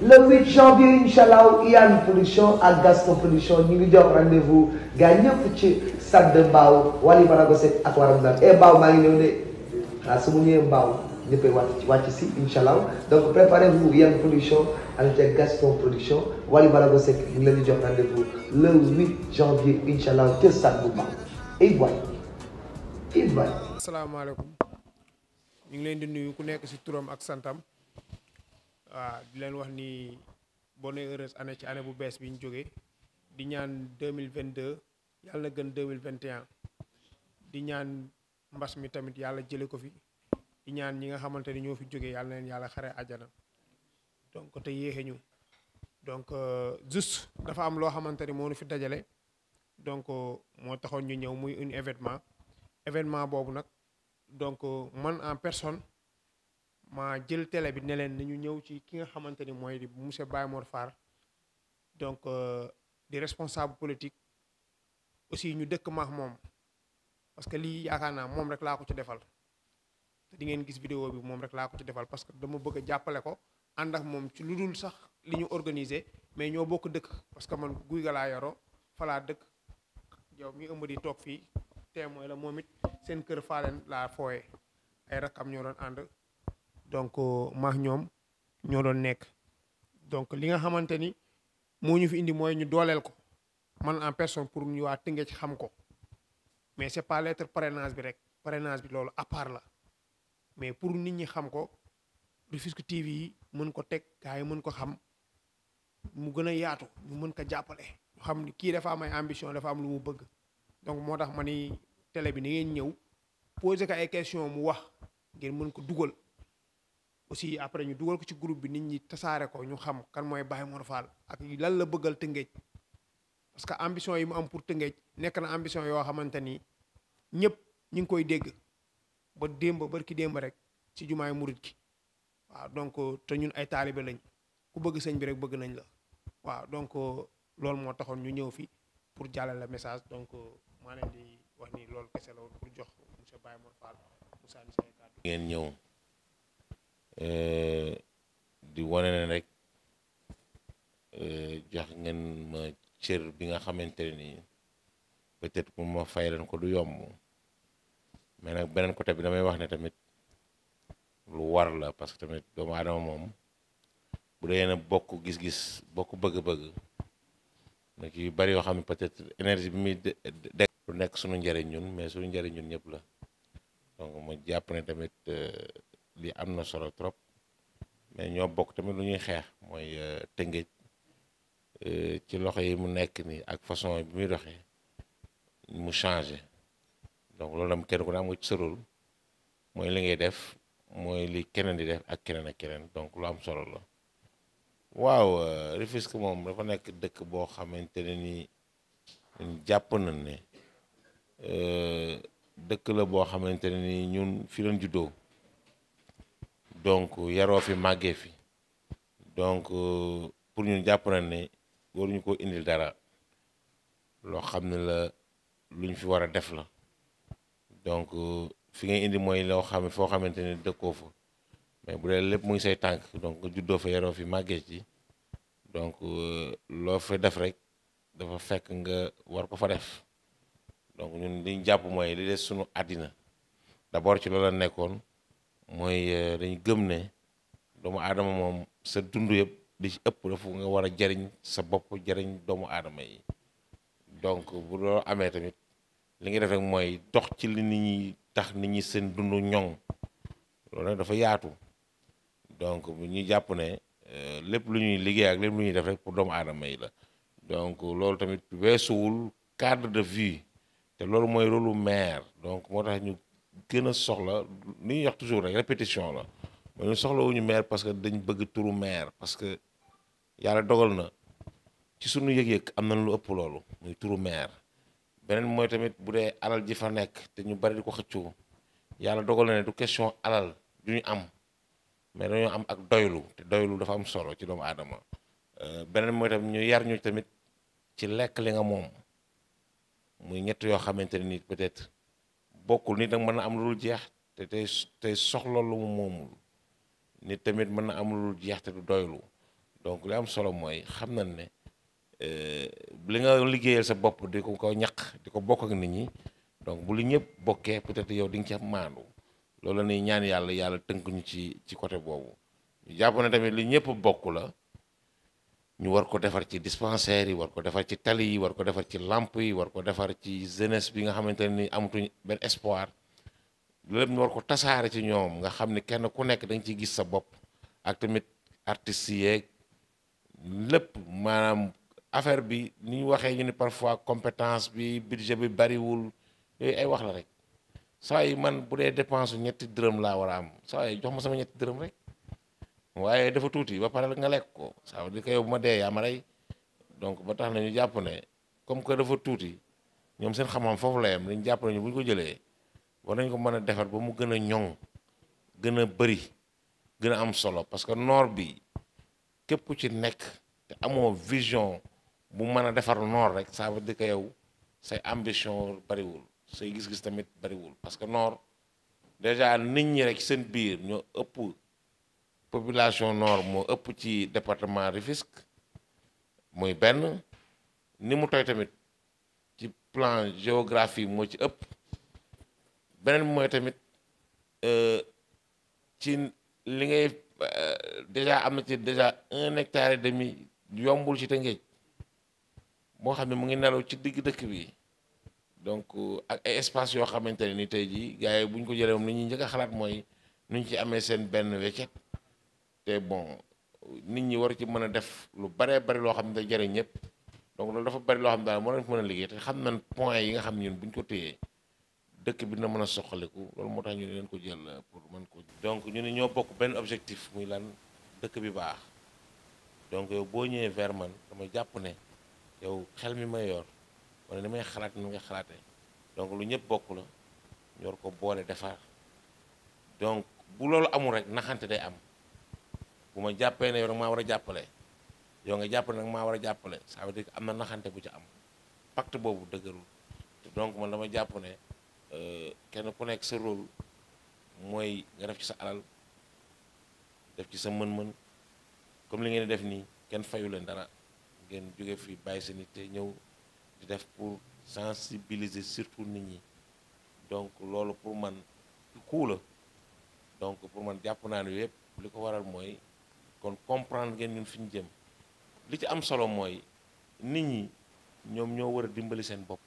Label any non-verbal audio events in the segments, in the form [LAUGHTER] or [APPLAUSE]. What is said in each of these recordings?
le 8 janvier incha allah Yann production ak Gaston production ñu ngi jox rendez-vous gars ci stade Mbao Wally Ballago Seck ak waram dal e eh, Mbao maa ngi ñëw de ah su ma ñëwee Mbao ñëppay wàcc wàcc si incha allah donc préparez-vous Yann production avec Gaston production Wally Ballago Seck ñu ngi jox rendez-vous le janvier incha allah te stade bu Mbao ay boy ay boy. asalaamaaleykum ngi leen di nuyu ku nekk ci turam ak santam. waaw ah, di leen wax ni bonne heureuse année ci année bu bees bi jóge di ñaan deux mille vingt deux yàlla na gën mille vingt 2021 di ñaan mbas mi tamit yàlla jële ko fi di ñaan ñi nga xamante ni ñoo fi jógee yàlla na leen yàlla xare àjjana donc te yéexe ñu donc euh, juste dafa am loo xamante ni moo nu fi dajale donc euh, moo taxoon ñu ñëw muy un événement événement boobu nag donc euh, man en personne ma jël tele bi ne leen ni ñu ñëw ci ki nga xamante ni mooy di monsieur Baye Mor Fall donc euh, di responsable politique aussi ñu dëkk maax moom parce que lii yaakaar naa moom rek laa ko ci defal te di ngeen gis vidéo bi moom rek laa ko ci defal parce que dama bëgg a jàppale ko ànd ak moom ci lu dul sax li ñu organiser mais ñoo bokk dëkk parce que man guy ga laa yoro falaa dëkk yow mi ëmb di toog fii témoin la moom it seen kër faaleen laa fooye ay rakam ñoo doon ànd donc euh, maax ñoom ñoo doon nekk donc li nga xamante ni moo ñu fi indi mooy ñu dooleel ko man en personne pour ñu waa tënge ci xam ko mais c'est pas lettre parrainage bi rek parrainage bi loolu à part la mais pour nit ñi xam ko Rufisque TV yi mën ko teg gars yi mën ko xam mu gën a yaatu ñu mën ko jàppale ñu xam ni kii dafa am ay ambition dafa am lu mu bëgg donc moo tax ma ni télé bi ni ngeen ñëw poser ko ay question mu wax ngeen mën ko dugal aussi après ñu dugal ko ci groupe bi nit ñi tasaare ko ñu xam kan mooy Baye Mor Fall ak lan la bëggal Tëngéej parce que ambition yi mu am pour Tëngéej nekk na ambition yoo xamante ni ñëpp ñu ngi koy dégg ba démb ki démb rek ci jumaay murit gi waaw donc te ñun ay taalibe lañ ku bëgg sëñ bi rek bëgg nañ la waaw donc loolu moo taxoon ñu ñëw fii pour jàllale message donc maa leen di wax ni loolu kese la woon pour jox monsieur Baye Mor Fall Moussa ngeen ñëw. Eh, di wane ne rek eh, jox ngeen ma cër bi nga xamante ne nii peut-être mu ma fay leen ko du yomb mais nag beneen côté bi damay wax ne tamit lu war la parce que tamit doomu aadama moom bu dee na bokk gis-gis bokk bëgg-bëgg nag yu bari yoo xam ne peut-être énergie bi muy de lu nekk suñu njëriñ ñun mais suñu njëriñ ñun ñëpp la donc ma jàpp ne tamit. Euh, li am na solo trop mais ñoo bokk tamit lu ñuy xeex mooy euh, tëngéej euh, ci loxo yi mu nekk nii ak façon bi muy doxee mu changé donc loolu am kenn ku ne am nga ci sa mooy li ngay def mooy li keneen di def ak keneen ak keneen donc lu am solo la waaw euh, Rufisque moom dafa nekk dëkk boo xamante ne nii jàpp nañ ne dëkk la boo xamante ne nii ñun fi lañ juddoo donc yaroo fi màggee fi donc pour ñun jàpp na ni waruñu koo indil dara loo xam ne la luñ fi war a def la donc fi nga indi mooy loo xam ne foo xamante ne dëkkoo fa mais bu dee lépp muy ngi say tànk donc nga juddoo fa yaroo fi màggee ci donc loo fa def rek dafa fekk nga war ko fa def donc ñun di jàpp mooy li des sunu àddina d'abord ci loola nekkoon mooy euh, dañu gëm ne doomu aadama moom sa dund yëpp di ci ëpp foofu nga wara jariñ sa bopp jariñ doomu aadama yi donc bu loolu amee tamit li nga def rek mooy dox ci li nit ñi tax nit ñi seen dund ñoŋ loolu nag dafa yaatu donc ñuy jàpp ne euh, lépp lu ñuy liggéey ak lépp lu ñuy def rek pour doomu aadama yi la donc loolu tamit weesuwul cadre de vie te loolu mooy rôle lu maire donc moo tax ñu gën a soxla lu ñuy yax toujours rek répétition la mooy ñu soxlawuñu maire parce que dañ bëgg turu maire parce que yàlla dogal na ci suñu yëg-yëg am na lu ëpp loolu muy turu maire beneen mooy tamit bu dee alal ji fa nekk te ñu bari di ko xëccoo yàlla dogal na ne du question alal du ñu am mais dañu am ak doylu te doylu dafa am solo ci doomu aadama euh, beneen mooy tamit ñu yar ñu tamit ci lekk li nga moom muy ñett yoo xamante ne ni peut-être bokkul nit nag mën na am lu dul jeex te tey tey soxla lu mu moomul nit tamit mën na am lu dul jeex te du doylu donc lu am solo mooy xam na ne euh, li nga liggéeyal sa bopp di ko ko ñaq di ko bokk nit ñi donc bu li ñëpp bokkee peut-être yow di nga ci am maandu loolu la ñuy ñaan yàlla yàlla tënk ñu ci ci côté boobu ñu jàpp ne tamit li ñëpp bokk la ñu war ko defar ci dispensaire yi war ko defar ci tali yi war ko defar ci làmp yi war ko defar ci jeunesse bi nga xamante ne ni amatuñ benn espoir lépp ñu war ko tasaare ci ñoom nga xam ne kenn ku nekk da nga gis sa bopp ak tamit artistes yeeg lépp maanaam affaire bi ni ñu waxee ñu ne parfois compétence bi budget bi bariwul yooyu ay wax la rek saa yi man bu dee dépense ñetti dërëm laa war a am saa yi jox ma sama ñetti dërëm rek waaye dafa tuuti ba pare nga lekk ko ça veut dire que yow bu ma dee yaa ma rey donc ba tax nañu ñu jàpp ne comme que dafa tuuti ñoom seen xam-xam foofu la yem dañu jàpp nañu bu ñu ko jëlee war nañ ko mën a defar ba mu gën a ñoŋ gën a bëri gën a am solo parce que noor bi képp ku ci nekk te amoo vision bu mën a defar noor rek ça veut dire que yow say ambition bëriwul say gis-gis tamit bëriwul parce que noor déjà nit ñi rek seen biir ñoo ëpp. population nord moo ëpp ci département Rufisque muy benn ni mu toy tamit ci plan géographie moo ci ëpp beneen bi mooy tamit euh, ci li ngay euh, déjà am na ci déjà un hectare de mi yombul ci Tëngéej moo xam ne mu ngi nelaw ci digg dëkk bi donc euh, ak ay espace yoo xamante ne ni tey jii gaa yi bu ñu ko jëlee moom li ñuy njëkk a xalaat mooy nu ci amee seen benn weccet te bon nit ñi war ci mën a def lu baree bari loo xam ne day jëriñ ñëpp donc loolu dafa bari loo xam ne daal moo leen a liggéey xam nañ point yi nga xam ne bu ñu ko téyee dëkk bi dina mën a soqaliku loolu moo tax ñu leen ko jël pour mën ko. donc ñu ne ñoo bokk benn objectif muy lan dëkk bi baax donc boo ñëwee vers man dama jàpp ne yow xel mi may yor wala ni may xalaat ni nga donc lu ñëpp bokk ñor ko boole defar donc bu loolu amul rek naxante day am. bu ma jàppee ne yow nag maa war a jàppale yow nga jàppale nag maa war a jàppale sa veut dire am na naxante bu ci am pacte boobu dëgërul te donc man dama jàpp ne euh, kenn ku nekk sa rôle mooy nga def ci sa alal def ci sa mën-mën comme li ngeen di def nii kenn fayu leen dara ngeen jóge fi bàyyi sa nit te ñëw di def pour sensibiliser surtout nit ñi donc loolu pour man ku la donc pour man jàpp naa ne yëpp li ko waral mooy kon comprendre ngeen ñun fi ñu jëm li ci am solo mooy nit ñi ñoom ñoo war a dimbali seen bopp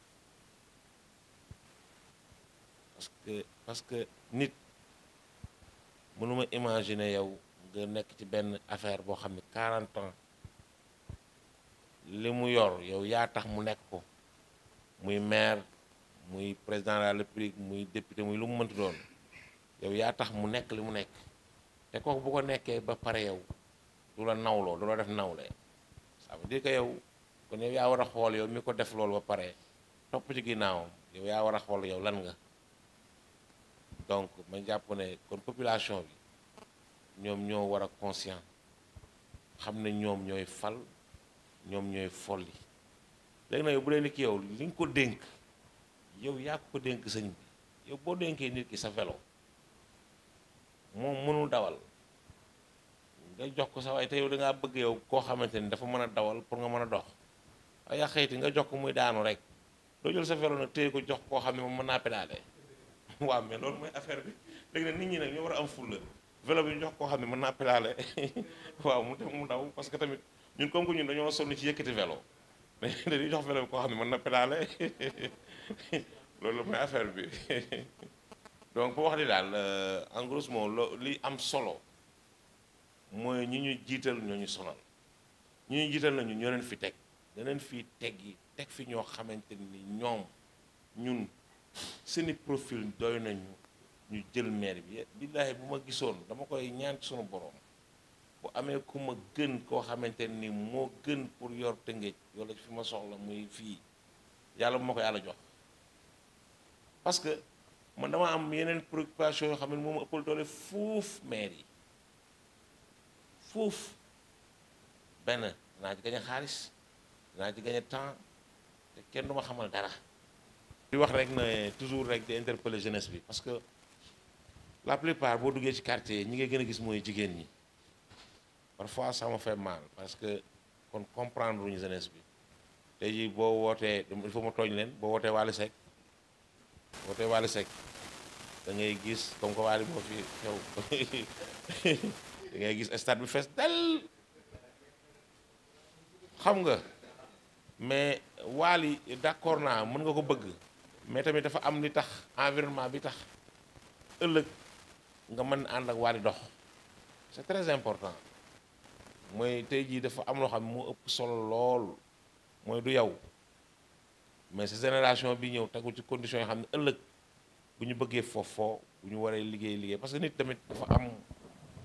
parce que parce que nit mënuma imaginer yow nga nekk ci benn affaire boo xam ne 40 ans li mu yor yow yaa tax mu nekk ko muy maire muy président de la république muy député muy lu mu mënti doon yow yaa tax mu nekk li mu nekk te kooku bu ko nekkee ba pare yow du la nawloo du la def nawle ça veut dire que yow kon yow yaa war a xool yow mi ko def loolu ba pare topp ci ginnaawam yow yaa war a xool yow lan nga donc ma jàpp ne kon population bi ñoom ñoo war a conscient xam ne ñoom ñooy fal ñoom ñooy folli léegi nag yow bu dee ni ki yow li nga ko dénk yow yaa ko dénk sëñ bi yow boo dénkee nit ki sa vélo moom mënul dawal nga jox ko sa waaye te yow da bëgg yow koo xamante ni dafa mën a dawal pour nga mën a dox ay xëyti nga jox ko muy daanu rek doo jël sa vélo nag téye ko jox koo xam ne moom mën naa pédale [LAUGHS] waaw mais loolu mooy affaire bi léegi nag nit ñi nag ñoo war a am fulla vélo bi ñu jox koo xam ne mën naa pédale [LAUGHS] waaw mu dem mu daw parce que tamit ñun comme que ñun dañoo sonn ci yëkkati vélo mais [LAUGHS] dañuy jox vélo bi koo xam ne mën na pédale loolu mooy affaire bi donc bu wax di daal euh, en gros moom li am solo mooy ñu ñu jiital ñoo ñu sonal ñi ñu jiital nañu ñoo leen fi teg ñoo leen fii teg yi teg fi ñoo xamante ni ñoom ñun seeni profil doy nañu ñu jël maire bi billaahi bu ma gisoon dama koy ñaan sunu borom bu amee ku ma gën koo xamante ni moo gën pour yor tëngéej wala fi ma soxla muy fii yàlla bu ma ko yàlla jox parce que man dama am yeneen préoccupation yoo xam ne moom ëppal doole fuuf maire yi foofu benn dinaa ci gañ a xaalis dinaa ci gañ temps te kenn du ma xamal dara di wax rek ne toujours rek di interpeller jeunesse bi parce que la plupart boo duggee ci quartier ñi ngay gën a gis mooy jigéen ñi parfois ça me fait mal parce que kon comprendre ñu jeunesse bi te jii boo wootee il faut ma tooñ leen boo wootee Wally Seck wootee Wally Seck da ngay gis comme que Wally moo fi xew [LAUGHS] da gis stade bi fees del xam nga mais Wally d'accord naa mën nga ko bëgg mais tamit dafa am li tax environnement bi tax ëllëg nga mën ànd ak Wally dox c'est très important mooy tey jii dafa am loo xam mu ëpp solo lool mooy du yow mais sa génération bi ñëw tegu ci condition yoo xam ne ëllëg bu ñu bëggee foofoo bu ñu waree liggéey liggéey parce que nit tamit dafa am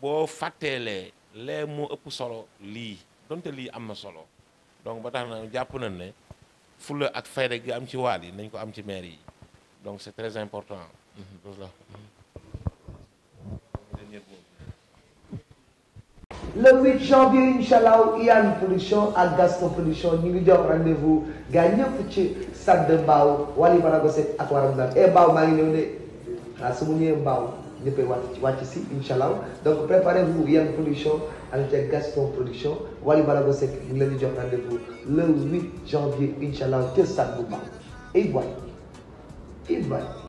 boo fàtteelee lee moo ëpp solo lii donte lii am na solo donc ba tax na jàpp nañ ne fula ak fayda gi am ci waal yi nañ ko am ci maire yi donc c'est très important le 8 janvier incha allah Yann production ak Gaston production ñu ngi jox rendez-vous gars ñëpp ci stade de Mbao Wally Ballago Seck ak waa Ramdan eh de ah su ma ñëwee Mbao ñëppay wàcc wàcc si incha allah donc préparez vous Yann production avec Gaston production Wally Balago Seck ñu leen di jox rendez vous le 8 janvier incha allah kër Sadou Ba et